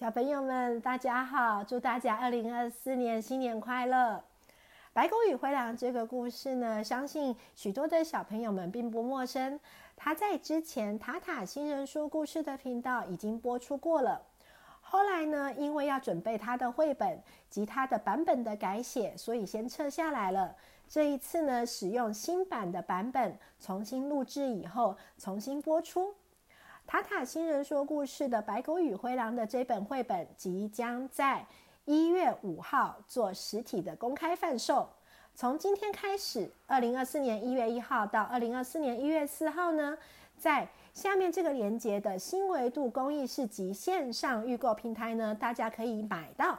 小朋友們，大家好！祝大家二零二四年新年快樂！《白狗與灰狼》這個故事呢，相信許多的小朋友們並不陌生。它在之前塔塔星人說故事的頻道已經播出過了。後來呢，因為要準備它的繪本及它的版本的改寫，所以先撤下來了。這一次呢，使用新版的版本重新錄製以後，重新播出。塔塔星人說故事的《白狗與灰狼》的這本繪本即將在一月五號做實體的公開販售。從今天開始，二零二四年一月一號到二零二四年一月四號呢，在下面這個連接的星維度公益市集線上預購平台呢，大家可以買到。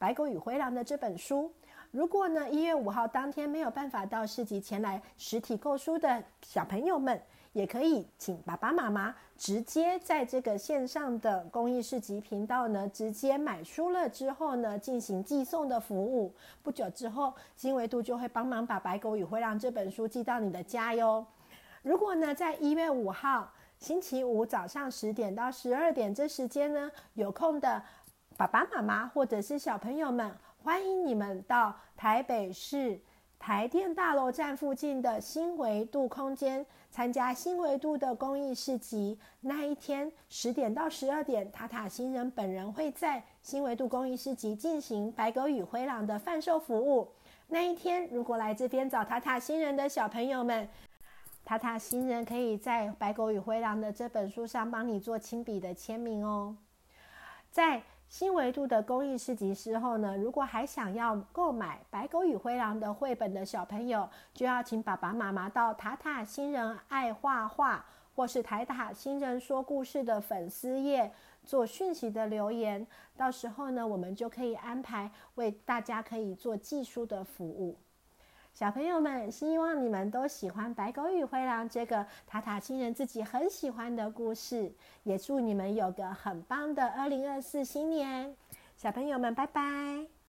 《白狗與灰狼》的這本書，如果呢，一月五號當天沒有辦法到市集前來實體購書的小朋友們，也可以請爸爸媽媽直接在這個線上的公益市集頻道呢，直接買書了之後呢，進行寄送的服務。不久之後，星維度就會幫忙把《白狗與灰狼》這本書寄到你的家喲。如果呢，在一月五號星期五早上十點到十二點這時間呢，有空的。爸爸媽媽或者是小朋友們，歡迎你們到台北市台電大樓站附近的星維度空間參加星維度的公益市集。那一天十點到十二點，塔塔星人本人會在星維度公益市集進行《白狗與灰狼》的販售服務。那一天，如果來這邊找塔塔星人的小朋友們，塔塔星人可以在《白狗與灰狼》的這本書上幫你做親筆的簽名哦。在新維度的公益市集之後呢，如果還想要購買《白狗與灰狼》的繪本的小朋友，就要請爸爸媽媽到塔塔星人愛畫畫，或是塔塔星人說故事的粉絲頁做訊息的留言。到時候呢，我們就可以安排為大家可以做寄書的服務。小朋友們，希望你們都喜歡《白狗與灰狼》這個塔塔星人自己很喜歡的故事。也祝你們有個很棒的二零二四新年！小朋友們，拜拜。